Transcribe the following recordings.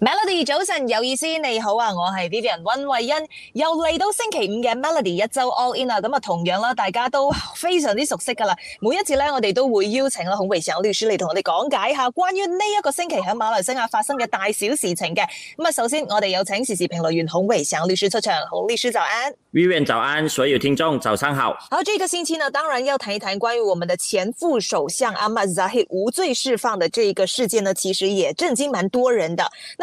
Melody 早晨，有意思，你好啊，我係 Vivian 溫慧欣，又嚟到星期五嘅 Melody 一周 All In 啊，咁啊同樣啦，大家都非常之熟悉噶啦，每一次咧我哋都會邀請啦孔偉祥律師嚟同我哋講解下關於呢一個星期喺馬來西亞發生嘅大小事情嘅，咁啊首先我哋有請時事評論員孔偉祥律師出場，孔律師早安，Vivian 早安，所有聽眾早上好。好，呢個星期呢，當然要談一談關於我們的前副首相阿末扎希無罪釋放的這一個事件呢，其實也震驚蠻多人的，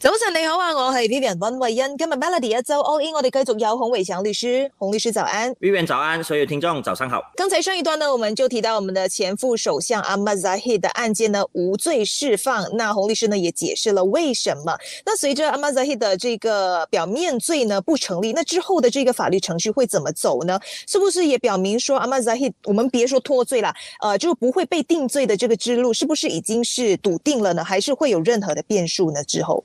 早晨你好啊，我係 Vivian 溫慧欣，今日 Melody 一周 All In，我哋繼續有洪偉祥律師，洪律師早安，Vivian 早安，所有聽眾早上好。剛才上一段呢，我們就提到我們的前副首相阿末扎希的案件呢無罪釋放，那洪律師呢也解釋了為什麼。那隨着阿末扎希的這個表面罪呢不成立，那之後的這個法律程序會怎麼走呢？是不是也表明說阿末扎希，我們別說脫罪啦，呃就不會被定罪的這個之路，是不是已經是篤定了呢？還是會有任何的變數呢？之後？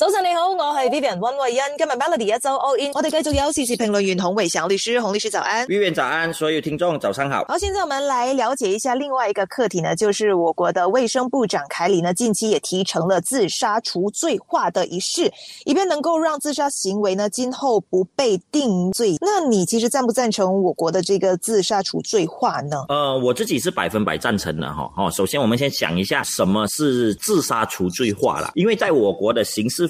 早晨你好，我係 Vivian 溫慧欣，今日 Melody 一周 All In，我哋繼續有時事評論員洪偉祥律師，洪律師早安，Vivian 早安，所有聽眾早上好。好，現在我們來了解一下另外一個課題呢，就是我國的衛生部長凱里呢，近期也提成了自殺除罪化的儀式，以便能夠讓自殺行為呢，今後不被定罪。那你其實贊不贊成我國的這個自殺除罪化呢？呃，我自己是百分百贊成的，哈，哦，首先我們先想一下什麼是自殺除罪化啦，因為在我國的刑事。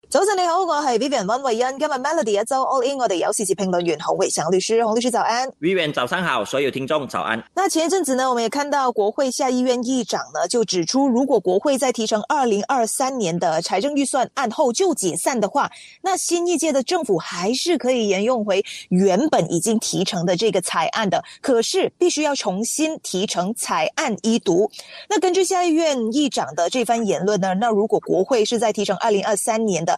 早晨你好，我係 Vivian 溫慧欣，今日 Melody 一周 All In，我哋有時事評論員孔偉祥律師，孔律師早安。Vivian 早上好，所有聽眾早安。那前一陣子呢，我們也看到國會下議院議長呢就指出，如果國會在提呈二零二三年的財政預算案後就解散的話，那新一屆的政府還是可以沿用回原本已經提呈的這個財案的，可是必須要重新提呈財案一讀。那根據下議院議長的這番言論呢，那如果國會是在提呈二零二三年的。